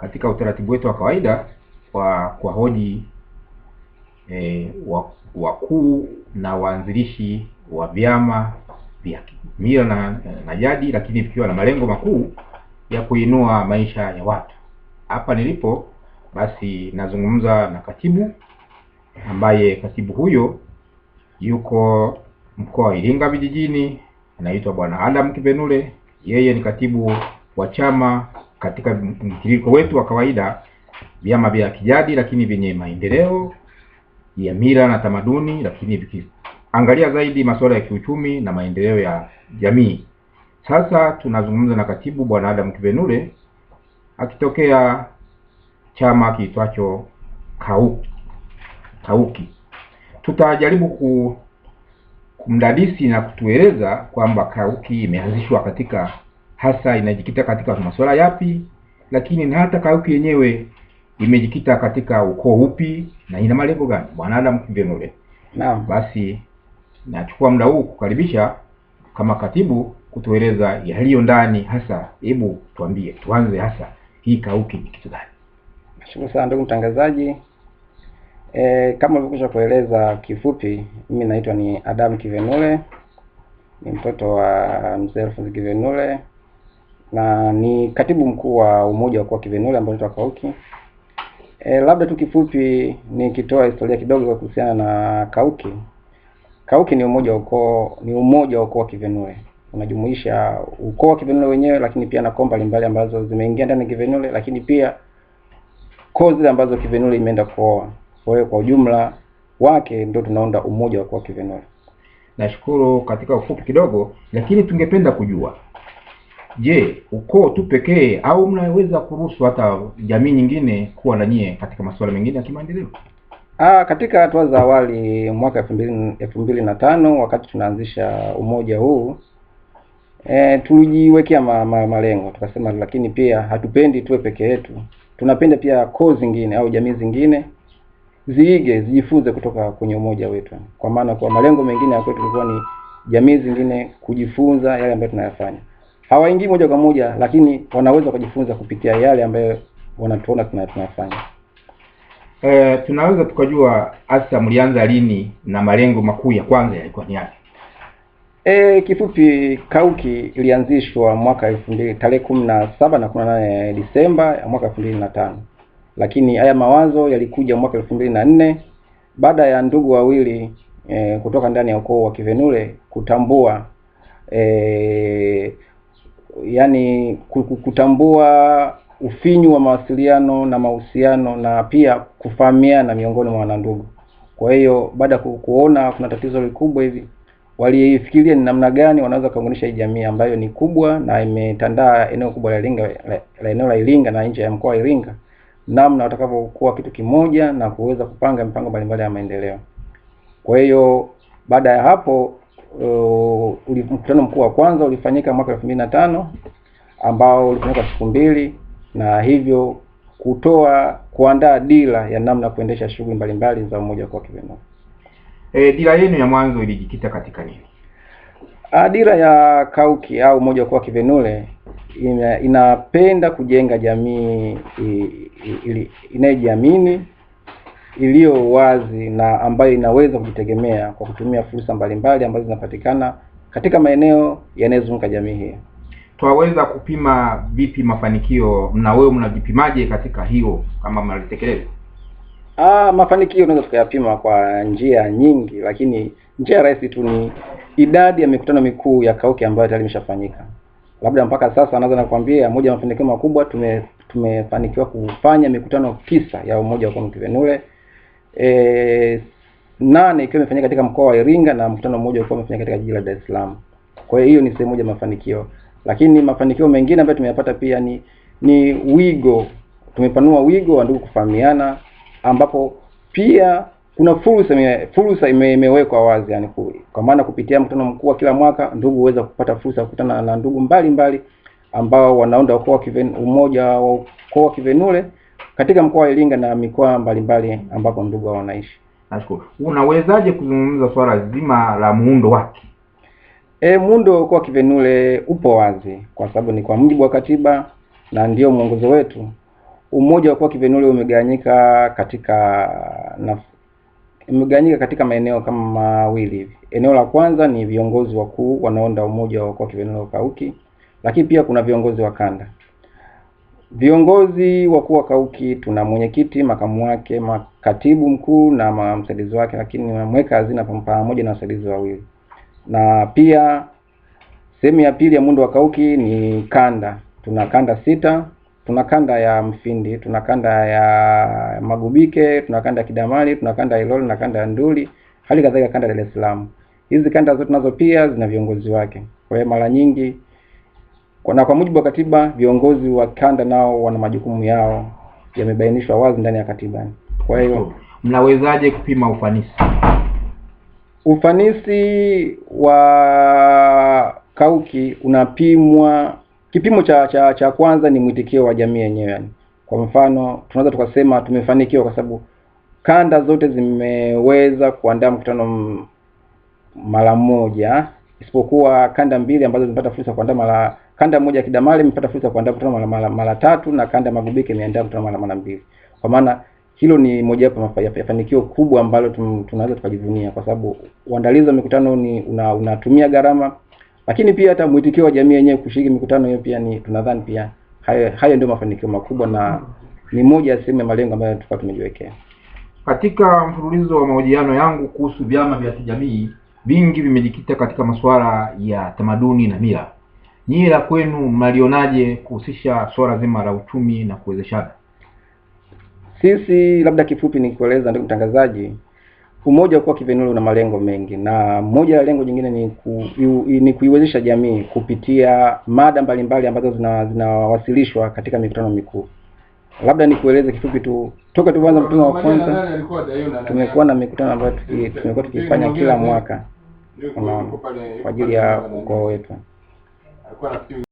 katika utaratibu wetu wa kawaida kwa kwa hoji e, eh, wakuu na waanzilishi wa vyama vya mila na, na jadi, lakini vikiwa na malengo makuu ya kuinua maisha ya watu. Hapa nilipo basi nazungumza na katibu ambaye katibu huyo yuko mkoa wa Iringa vijijini, anaitwa Bwana Adam Kipenule. Yeye ni katibu wa chama katika mtiririko wetu wa kawaida, vyama vya kijadi lakini vyenye maendeleo ya mila na tamaduni, lakini vikiangalia zaidi masuala ya kiuchumi na maendeleo ya jamii. Sasa tunazungumza na katibu Bwana Adam Kivenule akitokea chama kiitwacho Kauki. Kauki tutajaribu ku- kumdadisi na kutueleza kwamba Kauki imeanzishwa katika hasa inajikita katika masuala yapi, lakini na hata kauki yenyewe imejikita katika ukoo upi na ina malengo gani? Bwana Adam Kivenule. Naam. Basi nachukua muda huu kukaribisha kama katibu kutueleza yaliyo ndani hasa. Hebu tuambie, tuanze hasa hii kauki ni kitu gani? Nashukuru sana ndugu mtangazaji. E, kama ulivyokwisha kueleza kifupi, mimi naitwa ni Adam Kivenule, ni mtoto wa mzee Alfonso Kivenule na ni katibu mkuu wa umoja wa kwa Kivenule ambao unaitwa Kauki. E, labda tu kifupi nikitoa historia kidogo kuhusiana na Kauki. Kauki ni umoja wa ukoo ni umoja wa ukoo wa Kivenule unajumuisha ukoo wa Kivenule wenyewe, lakini pia na koo mbalimbali ambazo zimeingia ndani ya Kivenule, lakini pia koo zile ambazo Kivenule imeenda kuoa. Kwa hiyo kwa ujumla wake ndio tunaunda umoja wa ukoo wa Kivenule. Nashukuru katika ufupi kidogo, lakini tungependa kujua Je, ukoo tu pekee au mnaweza kuruhusu hata jamii nyingine kuwa na nyie katika masuala mengine ya kimaendeleo? Ah, katika hatua za awali mwaka elfu mbili na tano wakati tunaanzisha umoja huu e, tulijiwekea ma, ma, malengo tukasema, lakini pia hatupendi tuwe peke yetu, tunapenda pia koo zingine au jamii zingine ziige zijifunze kutoka kwenye umoja wetu, kwa maana kwa malengo mengine ya kwetu ilikuwa ni jamii zingine kujifunza yale ambayo tunayafanya hawaingii moja kwa moja, lakini wanaweza kujifunza kupitia yale ambayo wanatuona tunayafanya. E, eh, tunaweza tukajua hasa mlianza lini na malengo makuu ya kwanza yalikuwa ni yapi? E, kifupi Kauki ilianzishwa mwaka elfu mbili tarehe kumi na saba na kumi na nane Disemba ya mwaka elfu mbili na tano lakini haya mawazo yalikuja mwaka elfu mbili na nne baada ya ndugu wawili e, kutoka ndani ya ukoo wa Kivenule kutambua e, yani kutambua ufinyu wa mawasiliano na mahusiano na pia kufahamiana miongoni mwa wanandugu. Kwa hiyo baada ya kuona kuna tatizo likubwa hivi, walifikiria ni namna gani wanaweza kuunganisha hii jamii ambayo ni kubwa na imetandaa eneo kubwa la Iringa, la, la eneo la Iringa na nje ya mkoa wa Iringa, namna watakavyokuwa kitu kimoja na kuweza kupanga mipango mbalimbali ya maendeleo. Kwa hiyo baada ya hapo Uh, mkutano mkuu wa kwanza ulifanyika mwaka elfu mbili na tano ambao ulifanyika siku mbili na hivyo kutoa kuandaa dira ya namna kuendesha shughuli mbalimbali za umoja kwa kiuno. E, dira yenu ya mwanzo ilijikita katika nini? Dira ya Kauki au umoja kwa kivenule ina, inapenda kujenga jamii inayojiamini iliyo wazi na ambayo inaweza kujitegemea kwa kutumia fursa mbalimbali ambazo zinapatikana katika maeneo yanayozunguka jamii hii. Twaweza kupima vipi mafanikio, na wewe mnajipimaje katika hiyo kama mnalitekeleza? Ah, mafanikio unaweza tukayapima kwa njia nyingi, lakini njia rahisi tu ni idadi ya mikutano mikuu ya Kauki ambayo tayari imeshafanyika. Labda mpaka sasa naweza nakwambia moja ya mafanikio makubwa tume- tumefanikiwa kufanya mikutano tisa ya umoja wa Kongo Kivenule e, nane ikiwa imefanyika katika mkoa wa Iringa na mkutano mmoja ulikuwa umefanyika katika jiji la Dar es Salaam. Kwa hiyo hiyo ni sehemu moja mafanikio, lakini mafanikio mengine ambayo tumeyapata pia ni ni wigo, tumepanua wigo wa ndugu kufahamiana, ambapo pia kuna fursa fursa imewekwa wazi yani kwa maana kupitia mkutano mkuu wa kila mwaka ndugu huweza kupata fursa ya kukutana na ndugu mbalimbali ambao wanaunda ukoo wa umoja wa ukoo wa Kivenule katika mkoa wa Iringa na mikoa mbalimbali ambako ndugu wanaishi. Nashukuru. Unawezaje kuzungumza swala zima la muundo wake? E, muundo kwa Kivenule upo wazi kwa sababu ni kwa mujibu wa katiba na ndio mwongozo wetu. Umoja wa kwa Kivenule umegawanyika katika na imegawanyika katika maeneo kama mawili Eneo la kwanza ni viongozi wakuu wanaounda umoja wa kwa Kivenule Kauki, lakini pia kuna viongozi wa kanda. Viongozi wakuu wa kauki tuna mwenyekiti, makamu wake, makatibu mkuu na msaidizi wake, lakini mweka hazina pamoja na wasaidizi wawili. Na pia sehemu ya pili ya muundo wa kauki ni kanda. Tuna kanda sita, tuna kanda ya Mfindi, tuna kanda ya Magubike, tuna kanda ya Kidamali, tuna kanda ya ilole na kanda ya Nduli, hali kadhalika kanda ya Dar es Salaam. Hizi kanda zote nazo pia zina viongozi wake. Kwa hiyo mara nyingi na kwa mujibu wa katiba viongozi wa kanda nao wana majukumu yao yamebainishwa wazi ndani ya katiba. Kwa hiyo mnawezaje kupima ufanisi ufanisi wa kauki unapimwa, kipimo cha cha cha kwanza ni mwitikio wa jamii yenyewe. Yani kwa mfano, tunaweza tukasema tumefanikiwa kwa sababu kanda zote zimeweza kuandaa mkutano mara moja, isipokuwa kanda mbili ambazo zimepata fursa kuandaa mara Kanda moja ya Kidamali imepata fursa ya kuandaa mkutano mara, mara, mara tatu na kanda ya Magubike imeandaa mkutano mara, mara mbili. Kwa maana hilo ni moja ya mafanikio kubwa ambalo tunaweza tukajivunia, kwa sababu uandalizi wa mikutano ni una, unatumia gharama, lakini pia hata mwitikio wa jamii yenyewe kushiriki mikutano hiyo pia ni tunadhani pia hayo, hayo ndio mafanikio makubwa na ni moja ya sehemu ya malengo ambayo tulikuwa tumejiwekea. Katika mfululizo wa mahojiano yangu kuhusu vyama vya kijamii, vingi vimejikita katika masuala ya tamaduni na mila nyinyi la kwenu mnalionaje kuhusisha swala zima la uchumi na kuwezeshana? Sisi labda kifupi nikueleza, ndugu mtangazaji, umoja kwa Kivenulu una malengo mengi, na moja ya lengo jingine ni, ku, ni kuiwezesha jamii kupitia mada mbalimbali ambazo zinawasilishwa zina katika mikutano mikuu. Labda nikueleze kifupi tu, toka tuanza mkutano wa kwanza tumekuwa na mikutano ambayo tumekuwa tukifanya kila mwaka kwa ajili ya ukoo wetu. Agora sim.